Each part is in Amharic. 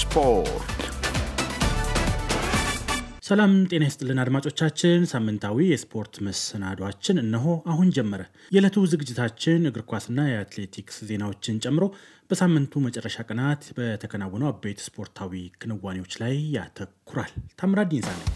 ስፖርት። ሰላም ጤና ይስጥልን አድማጮቻችን፣ ሳምንታዊ የስፖርት መሰናዷችን እነሆ አሁን ጀመረ። የዕለቱ ዝግጅታችን እግር ኳስና የአትሌቲክስ ዜናዎችን ጨምሮ በሳምንቱ መጨረሻ ቀናት በተከናወኑ አበይት ስፖርታዊ ክንዋኔዎች ላይ ያተኩራል። ታምራት ዲንሳ ነው።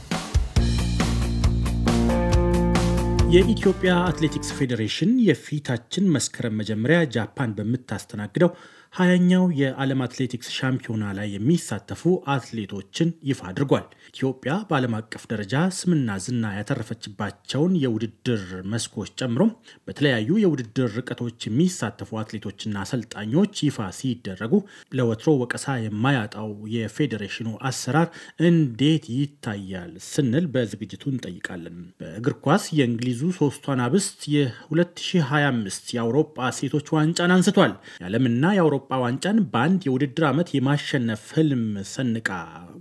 የኢትዮጵያ አትሌቲክስ ፌዴሬሽን የፊታችን መስከረም መጀመሪያ ጃፓን በምታስተናግደው ሀያኛው የዓለም አትሌቲክስ ሻምፒዮና ላይ የሚሳተፉ አትሌቶችን ይፋ አድርጓል። ኢትዮጵያ በዓለም አቀፍ ደረጃ ስምና ዝና ያተረፈችባቸውን የውድድር መስኮች ጨምሮ በተለያዩ የውድድር ርቀቶች የሚሳተፉ አትሌቶችና አሰልጣኞች ይፋ ሲደረጉ ለወትሮ ወቀሳ የማያጣው የፌዴሬሽኑ አሰራር እንዴት ይታያል ስንል በዝግጅቱ እንጠይቃለን። በእግር ኳስ የእንግሊዙ ሶስቷን አብስት የ2025 የአውሮፓ ሴቶች ዋንጫን አንስቷል። የዓለምና የአውሮ የአውሮፓ ዋንጫን በአንድ የውድድር ዓመት የማሸነፍ ህልም ሰንቃ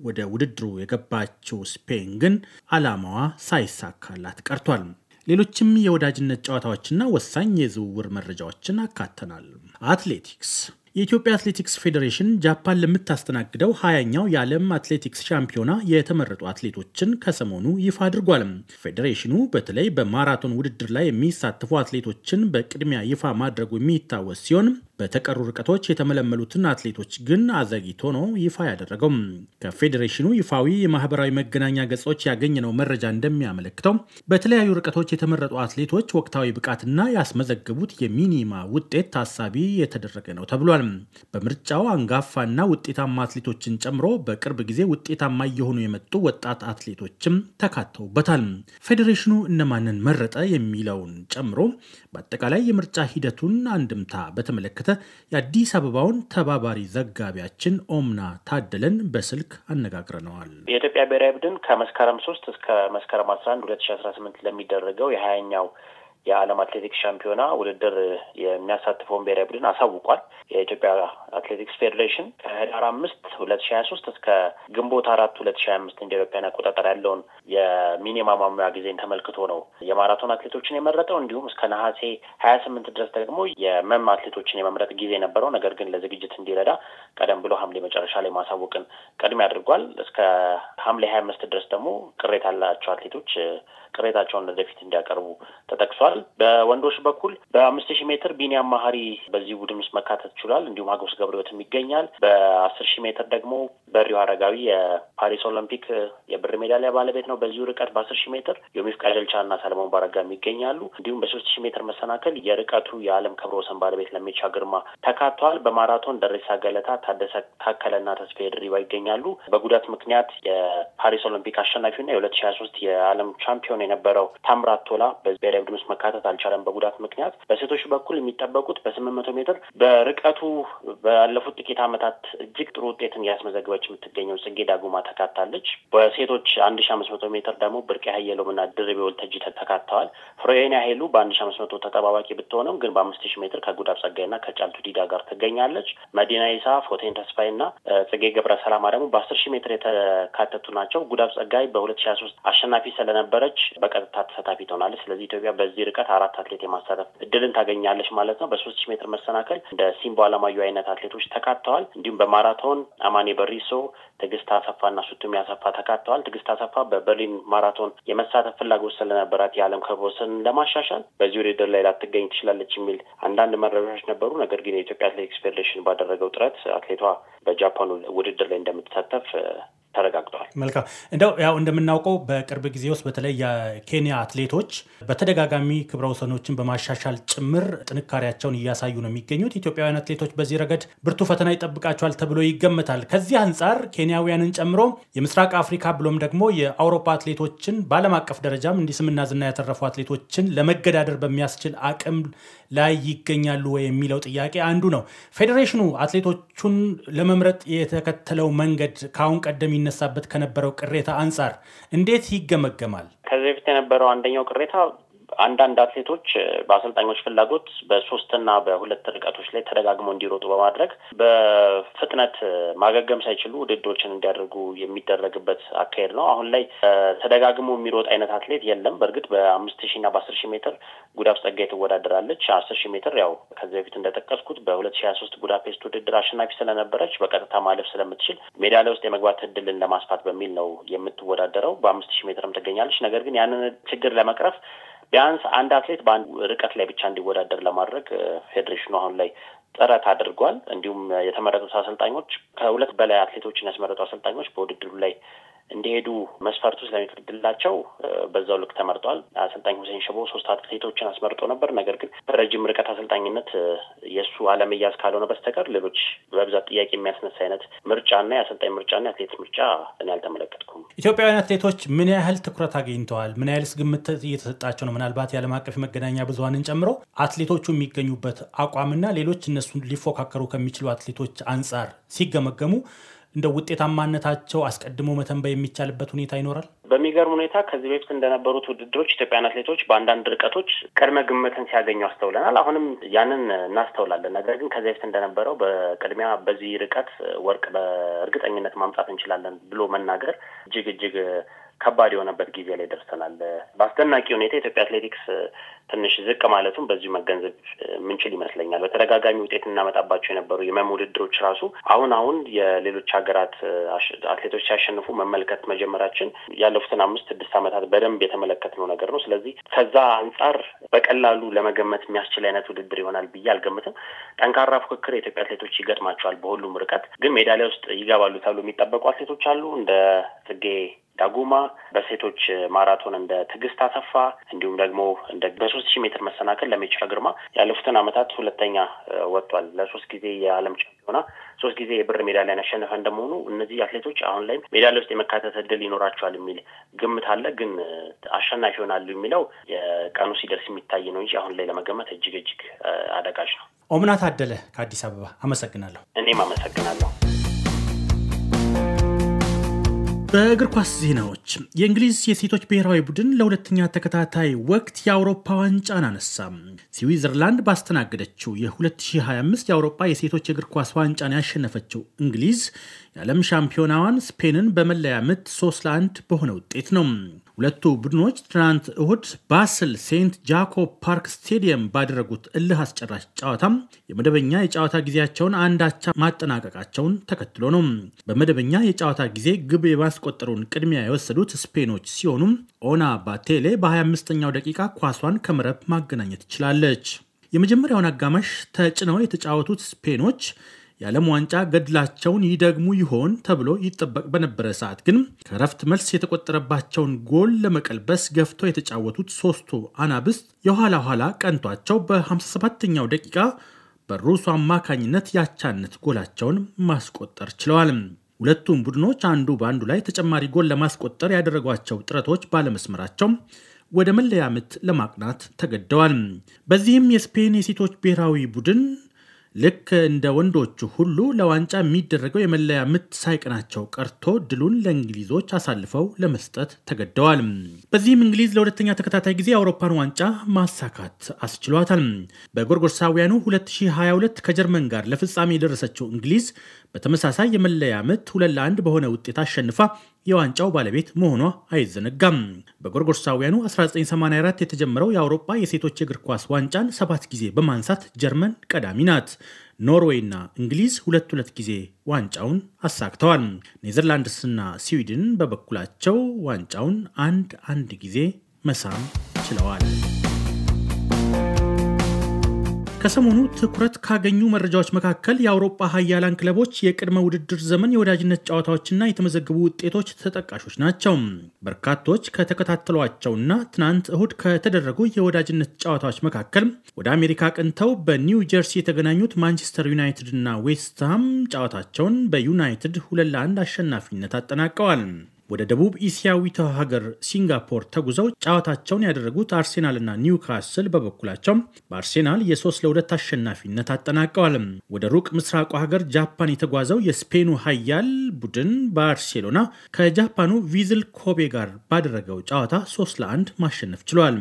ወደ ውድድሩ የገባችው ስፔን ግን ዓላማዋ ሳይሳካላት ቀርቷል። ሌሎችም የወዳጅነት ጨዋታዎችና ወሳኝ የዝውውር መረጃዎችን አካተናል። አትሌቲክስ የኢትዮጵያ አትሌቲክስ ፌዴሬሽን ጃፓን ለምታስተናግደው ሀያኛው የዓለም አትሌቲክስ ሻምፒዮና የተመረጡ አትሌቶችን ከሰሞኑ ይፋ አድርጓል። ፌዴሬሽኑ በተለይ በማራቶን ውድድር ላይ የሚሳተፉ አትሌቶችን በቅድሚያ ይፋ ማድረጉ የሚታወስ ሲሆን በተቀሩ ርቀቶች የተመለመሉትን አትሌቶች ግን አዘግይቶ ነው ይፋ ያደረገው። ከፌዴሬሽኑ ይፋዊ የማህበራዊ መገናኛ ገጾች ያገኘነው መረጃ እንደሚያመለክተው በተለያዩ ርቀቶች የተመረጡ አትሌቶች ወቅታዊ ብቃትና ያስመዘገቡት የሚኒማ ውጤት ታሳቢ የተደረገ ነው ተብሏል። በምርጫው አንጋፋና ውጤታማ አትሌቶችን ጨምሮ በቅርብ ጊዜ ውጤታማ እየሆኑ የመጡ ወጣት አትሌቶችም ተካተውበታል። ፌዴሬሽኑ እነማንን መረጠ የሚለውን ጨምሮ በአጠቃላይ የምርጫ ሂደቱን አንድምታ በተመለከተ የአዲስ አበባውን ተባባሪ ዘጋቢያችን ኦምና ታደለን በስልክ አነጋግረነዋል። የኢትዮጵያ ብሔራዊ ቡድን ከመስከረም ሶስት እስከ መስከረም አስራ አንድ ሁለት ሺ አስራ ስምንት ለሚደረገው የሀያኛው የዓለም አትሌቲክስ ሻምፒዮና ውድድር የሚያሳትፈውን ብሔራዊ ቡድን አሳውቋል። የኢትዮጵያ አትሌቲክስ ፌዴሬሽን ከህዳር አምስት ሁለት ሺ ሀያ ሶስት እስከ ግንቦት አራት ሁለት ሺ ሀያ አምስት እንደ ኢትዮጵያን አቆጣጠር ያለውን የሚኒማ ማሟያ ጊዜን ተመልክቶ ነው የማራቶን አትሌቶችን የመረጠው። እንዲሁም እስከ ነሐሴ ሀያ ስምንት ድረስ ደግሞ የመም አትሌቶችን የመምረጥ ጊዜ ነበረው። ነገር ግን ለዝግጅት እንዲረዳ ቀደም ብሎ ሐምሌ መጨረሻ ላይ ማሳወቅን ቅድሚያ አድርጓል። እስከ ሐምሌ ሀያ አምስት ድረስ ደግሞ ቅሬታ ያላቸው አትሌቶች ቅሬታቸውን ወደፊት እንዲያቀርቡ ተጠቅሷል። ችሏል። በወንዶች በኩል በአምስት ሺህ ሜትር ቢኒያም ማህሪ በዚህ ቡድን ውስጥ መካተት ችሏል። እንዲሁም አጎስ ገብረሕይወትም ይገኛል። በአስር ሺህ ሜትር ደግሞ በሪዮ አረጋዊ የፓሪስ ኦሎምፒክ የብር ሜዳሊያ ባለቤት ነው። በዚሁ ርቀት በአስር ሺህ ሜትር ዮሚፍ ቀጀልቻ እና ሰለሞን ባረጋም ይገኛሉ። እንዲሁም በሶስት ሺህ ሜትር መሰናከል የርቀቱ የዓለም ክብረ ወሰን ባለቤት ለሚቻ ግርማ ተካቷል። በማራቶን ደሬሳ ገለታ፣ ታደሰ ታከለ ታከለና ተስፋዬ ድሪባ ይገኛሉ። በጉዳት ምክንያት የፓሪስ ኦሎምፒክ አሸናፊውና የሁለት ሺህ ሀያ ሶስት የዓለም ቻምፒዮን የነበረው ታምራት ቶላ በብሔራዊ ቡድን ውስጥ ማካተት አልቻለም በጉዳት ምክንያት። በሴቶች በኩል የሚጠበቁት በስምንት መቶ ሜትር በርቀቱ ባለፉት ጥቂት ዓመታት እጅግ ጥሩ ውጤትን እያስመዘግበች የምትገኘው ጽጌ ዳጉማ ተካታለች። በሴቶች አንድ ሺ አምስት መቶ ሜትር ደግሞ ብርቅ ሀየሎምና ድርቤ ወልተጂ ተካተዋል። ፍሬን ያሄሉ በአንድ ሺ አምስት መቶ ተጠባባቂ ብትሆነም ግን በአምስት ሺ ሜትር ከጉዳፍ ጸጋይና ከጫልቱ ዲዳ ጋር ትገኛለች። መዲና ይሳ፣ ፎቴን ተስፋይና ጽጌ ገብረ ሰላማ ደግሞ በአስር ሺ ሜትር የተካተቱ ናቸው። ጉዳብ ጸጋይ በሁለት ሺ ሀያ ሶስት አሸናፊ ስለነበረች በቀጥታ ተሳታፊ ትሆናለች። ስለዚህ ኢትዮጵያ በዚህ ርቀት አራት አትሌት የማሳተፍ እድልን ታገኛለች ማለት ነው። በሶስት ሺ ሜትር መሰናከል እንደ ሲምቦ አለማየሁ አይነት አትሌቶች ተካተዋል። እንዲሁም በማራቶን አማኔ በሪሶ፣ ትዕግስት አሰፋና ሱቱሜ አሰፋ ተካተዋል። ትዕግስት አሰፋ በበርሊን ማራቶን የመሳተፍ ፍላጎት ስለነበራት የዓለም ክብረ ወሰን ለማሻሻል በዚህ ውድድር ላይ ላትገኝ ትችላለች የሚል አንዳንድ መረጃዎች ነበሩ። ነገር ግን የኢትዮጵያ አትሌቲክስ ፌዴሬሽን ባደረገው ጥረት አትሌቷ በጃፓኑ ውድድር ላይ እንደምትሳተፍ ተረጋግጧል። መልካም እንደው ያው እንደምናውቀው በቅርብ ጊዜ ውስጥ በተለይ የኬንያ አትሌቶች በተደጋጋሚ ክብረ ወሰኖችን በማሻሻል ጭምር ጥንካሬያቸውን እያሳዩ ነው የሚገኙት። ኢትዮጵያውያን አትሌቶች በዚህ ረገድ ብርቱ ፈተና ይጠብቃቸዋል ተብሎ ይገመታል። ከዚህ አንጻር ኬንያውያንን ጨምሮ የምስራቅ አፍሪካ ብሎም ደግሞ የአውሮፓ አትሌቶችን በዓለም አቀፍ ደረጃም እንዲህ ስምና ዝና ያተረፉ አትሌቶችን ለመገዳደር በሚያስችል አቅም ላይ ይገኛሉ ወይ የሚለው ጥያቄ አንዱ ነው። ፌዴሬሽኑ አትሌቶቹን ለመምረጥ የተከተለው መንገድ ከአሁን ቀደም ይነሳበት ከነበረው ቅሬታ አንጻር እንዴት ይገመገማል? ከዚህ በፊት የነበረው አንደኛው ቅሬታ አንዳንድ አትሌቶች በአሰልጣኞች ፍላጎት በሶስትና በሁለት ርቀቶች ላይ ተደጋግመው እንዲሮጡ በማድረግ በፍጥነት ማገገም ሳይችሉ ውድድሮችን እንዲያደርጉ የሚደረግበት አካሄድ ነው። አሁን ላይ ተደጋግሞ የሚሮጥ አይነት አትሌት የለም። በእርግጥ በአምስት ሺና በአስር ሺህ ሜትር ጉዳፍ ጸጋዬ ትወዳደራለች። አስር 1ሺ ሜትር ያው ከዚህ በፊት እንደጠቀስኩት በሁለት ሺ ሀያ ሶስት ጉዳፔስት ውድድር አሸናፊ ስለነበረች በቀጥታ ማለፍ ስለምትችል ሜዳሊያ ውስጥ የመግባት እድልን ለማስፋት በሚል ነው የምትወዳደረው። በአምስት ሺ ሜትርም ትገኛለች። ነገር ግን ያንን ችግር ለመቅረፍ ቢያንስ አንድ አትሌት በአንድ ርቀት ላይ ብቻ እንዲወዳደር ለማድረግ ፌዴሬሽኑ አሁን ላይ ጥረት አድርጓል። እንዲሁም የተመረጡት አሰልጣኞች ከሁለት በላይ አትሌቶችን ያስመረጡ አሰልጣኞች በውድድሩ ላይ እንዲሄዱ መስፈርቱ ስለሚፈቅድላቸው በዛው ልክ ተመርጧል። አሰልጣኝ ሁሴን ሽቦ ሶስት አትሌቶችን አስመርጦ ነበር። ነገር ግን በረጅም ርቀት አሰልጣኝነት የእሱ አለመያዝ ካልሆነ በስተቀር ሌሎች በብዛት ጥያቄ የሚያስነሳ አይነት ምርጫና የአሰልጣኝ ምርጫና የአትሌት ምርጫ እኔ አልተመለከትኩም። ኢትዮጵያውያን አትሌቶች ምን ያህል ትኩረት አግኝተዋል? ምን ያህልስ ግምት እየተሰጣቸው ነው? ምናልባት የዓለም አቀፍ መገናኛ ብዙኃንን ጨምሮ አትሌቶቹ የሚገኙበት አቋምና ሌሎች እነሱን ሊፎካከሩ ከሚችሉ አትሌቶች አንጻር ሲገመገሙ እንደ ውጤታማነታቸው አስቀድሞ መተንበይ የሚቻልበት ሁኔታ ይኖራል። በሚገርም ሁኔታ ከዚህ በፊት እንደነበሩት ውድድሮች ኢትዮጵያን አትሌቶች በአንዳንድ ርቀቶች ቅድመ ግምትን ሲያገኙ አስተውለናል። አሁንም ያንን እናስተውላለን። ነገር ግን ከዚህ በፊት እንደነበረው በቅድሚያ በዚህ ርቀት ወርቅ በእርግጠኝነት ማምጣት እንችላለን ብሎ መናገር እጅግ እጅግ ከባድ የሆነበት ጊዜ ላይ ደርሰናል። በአስደናቂ ሁኔታ የኢትዮጵያ አትሌቲክስ ትንሽ ዝቅ ማለቱን በዚሁ መገንዘብ የምንችል ይመስለኛል። በተደጋጋሚ ውጤት እናመጣባቸው የነበሩ የመም ውድድሮች ራሱ አሁን አሁን የሌሎች ሀገራት አትሌቶች ሲያሸንፉ መመልከት መጀመራችን ያለፉትን አምስት ስድስት ዓመታት በደንብ የተመለከትነው ነገር ነው። ስለዚህ ከዛ አንጻር በቀላሉ ለመገመት የሚያስችል አይነት ውድድር ይሆናል ብዬ አልገምትም። ጠንካራ ፉክክር የኢትዮጵያ አትሌቶች ይገጥማቸዋል። በሁሉም ርቀት ግን ሜዳሊያ ውስጥ ይገባሉ ተብሎ የሚጠበቁ አትሌቶች አሉ እንደ ጽጌ ዳጉማ፣ በሴቶች ማራቶን እንደ ትዕግስት አሰፋ እንዲሁም ደግሞ እንደ በሶስት ሺህ ሜትር መሰናክል ለሜቻ ግርማ ያለፉትን ዓመታት ሁለተኛ ወጥቷል። ለሶስት ጊዜ የዓለም ቻምፒዮና ሶስት ጊዜ የብር ሜዳሊያን ያሸነፈ እንደመሆኑ እነዚህ አትሌቶች አሁን ላይም ሜዳሊያ ውስጥ የመካተት እድል ይኖራቸዋል የሚል ግምት አለ። ግን አሸናፊ ይሆናሉ የሚለው የቀኑ ሲደርስ የሚታይ ነው እንጂ አሁን ላይ ለመገመት እጅግ እጅግ አደጋጅ ነው። ኦምና ታደለ ከአዲስ አበባ አመሰግናለሁ። እኔም አመሰግናለሁ። በእግር ኳስ ዜናዎች የእንግሊዝ የሴቶች ብሔራዊ ቡድን ለሁለተኛ ተከታታይ ወቅት የአውሮፓ ዋንጫን አነሳ። ስዊዘርላንድ ባስተናገደችው የ2025 የአውሮፓ የሴቶች የእግር ኳስ ዋንጫን ያሸነፈችው እንግሊዝ የዓለም ሻምፒዮናዋን ስፔንን በመለያ ምት 3 ለአንድ በሆነ ውጤት ነው። ሁለቱ ቡድኖች ትናንት እሁድ ባስል ሴንት ጃኮብ ፓርክ ስቴዲየም ባደረጉት እልህ አስጨራሽ ጨዋታ የመደበኛ የጨዋታ ጊዜያቸውን አንዳቻ ማጠናቀቃቸውን ተከትሎ ነው። በመደበኛ የጨዋታ ጊዜ ግብ የማስ ማስቆጠሩን ቅድሚያ የወሰዱት ስፔኖች ሲሆኑም ኦና ባቴሌ በ25ኛው ደቂቃ ኳሷን ከመረብ ማገናኘት ችላለች። የመጀመሪያውን አጋማሽ ተጭነው የተጫወቱት ስፔኖች የዓለም ዋንጫ ገድላቸውን ይደግሙ ይሆን ተብሎ ይጠበቅ በነበረ ሰዓት ግን ከረፍት መልስ የተቆጠረባቸውን ጎል ለመቀልበስ ገፍቶ የተጫወቱት ሶስቱ አናብስት የኋላ ኋላ ቀንቷቸው በ57ኛው ደቂቃ በሩሱ አማካኝነት ያቻነት ጎላቸውን ማስቆጠር ችለዋል። ሁለቱም ቡድኖች አንዱ በአንዱ ላይ ተጨማሪ ጎል ለማስቆጠር ያደረጓቸው ጥረቶች ባለመስመራቸው ወደ መለያ ምት ለማቅናት ተገደዋል። በዚህም የስፔን የሴቶች ብሔራዊ ቡድን ልክ እንደ ወንዶቹ ሁሉ ለዋንጫ የሚደረገው የመለያ ምት ሳይቀናቸው ቀርቶ ድሉን ለእንግሊዞች አሳልፈው ለመስጠት ተገደዋል። በዚህም እንግሊዝ ለሁለተኛ ተከታታይ ጊዜ የአውሮፓን ዋንጫ ማሳካት አስችሏታል። በጎርጎርሳውያኑ 2022 ከጀርመን ጋር ለፍጻሜ የደረሰችው እንግሊዝ በተመሳሳይ የመለያ ምት ሁለት ለአንድ በሆነ ውጤት አሸንፋ የዋንጫው ባለቤት መሆኗ አይዘነጋም። በጎርጎርሳውያኑ 1984 የተጀመረው የአውሮፓ የሴቶች የእግር ኳስ ዋንጫን ሰባት ጊዜ በማንሳት ጀርመን ቀዳሚ ናት። ኖርዌይና እንግሊዝ ሁለት ሁለት ጊዜ ዋንጫውን አሳክተዋል። ኔዘርላንድስና ስዊድን በበኩላቸው ዋንጫውን አንድ አንድ ጊዜ መሳም ችለዋል። ከሰሞኑ ትኩረት ካገኙ መረጃዎች መካከል የአውሮፓ ሀያላን ክለቦች የቅድመ ውድድር ዘመን የወዳጅነት ጨዋታዎችና የተመዘገቡ ውጤቶች ተጠቃሾች ናቸው። በርካቶች ከተከታተሏቸውና ትናንት እሁድ ከተደረጉ የወዳጅነት ጨዋታዎች መካከል ወደ አሜሪካ ቅንተው በኒው ጀርሲ የተገናኙት ማንቸስተር ዩናይትድ እና ዌስትሃም ጨዋታቸውን በዩናይትድ ሁለት ለአንድ አሸናፊነት አጠናቀዋል። ወደ ደቡብ እስያዊቷ ሀገር ሲንጋፖር ተጉዘው ጨዋታቸውን ያደረጉት አርሴናልና ኒውካስል በበኩላቸው በአርሴናል የሶስት ለሁለት አሸናፊነት አጠናቀዋል። ወደ ሩቅ ምስራቁ ሀገር ጃፓን የተጓዘው የስፔኑ ሀያል ቡድን ባርሴሎና ከጃፓኑ ቪዝል ኮቤ ጋር ባደረገው ጨዋታ ሶስት ለአንድ ማሸነፍ ችሏል።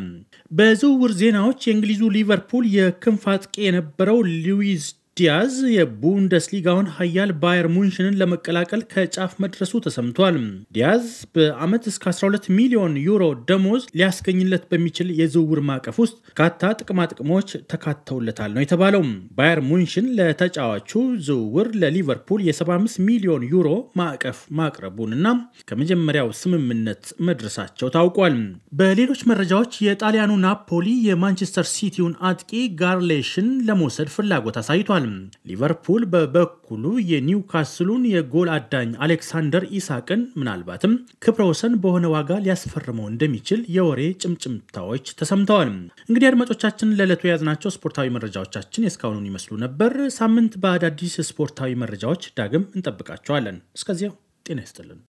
በዝውውር ዜናዎች የእንግሊዙ ሊቨርፑል የክንፍ አጥቂ የነበረው ሉዊዝ ዲያዝ የቡንደስሊጋውን ሀያል ባየር ሙንሽንን ለመቀላቀል ከጫፍ መድረሱ ተሰምቷል። ዲያዝ በዓመት እስከ 12 ሚሊዮን ዩሮ ደሞዝ ሊያስገኝለት በሚችል የዝውውር ማዕቀፍ ውስጥ በርካታ ጥቅማጥቅሞች ተካተውለታል ነው የተባለው። ባየር ሙንሽን ለተጫዋቹ ዝውውር ለሊቨርፑል የ75 ሚሊዮን ዩሮ ማዕቀፍ ማቅረቡንና ከመጀመሪያው ስምምነት መድረሳቸው ታውቋል። በሌሎች መረጃዎች የጣሊያኑ ናፖሊ የማንቸስተር ሲቲውን አጥቂ ጋርሌሽን ለመውሰድ ፍላጎት አሳይቷል። ሊቨርፑል በበኩሉ የኒውካስሉን የጎል አዳኝ አሌክሳንደር ኢሳቅን ምናልባትም ክብረ ወሰን በሆነ ዋጋ ሊያስፈርመው እንደሚችል የወሬ ጭምጭምታዎች ተሰምተዋል። እንግዲህ አድማጮቻችን ለዕለቱ የያዝናቸው ስፖርታዊ መረጃዎቻችን የእስካሁኑን ይመስሉ ነበር። ሳምንት በአዳዲስ ስፖርታዊ መረጃዎች ዳግም እንጠብቃቸዋለን። እስከዚያው ጤና ይስጥልን።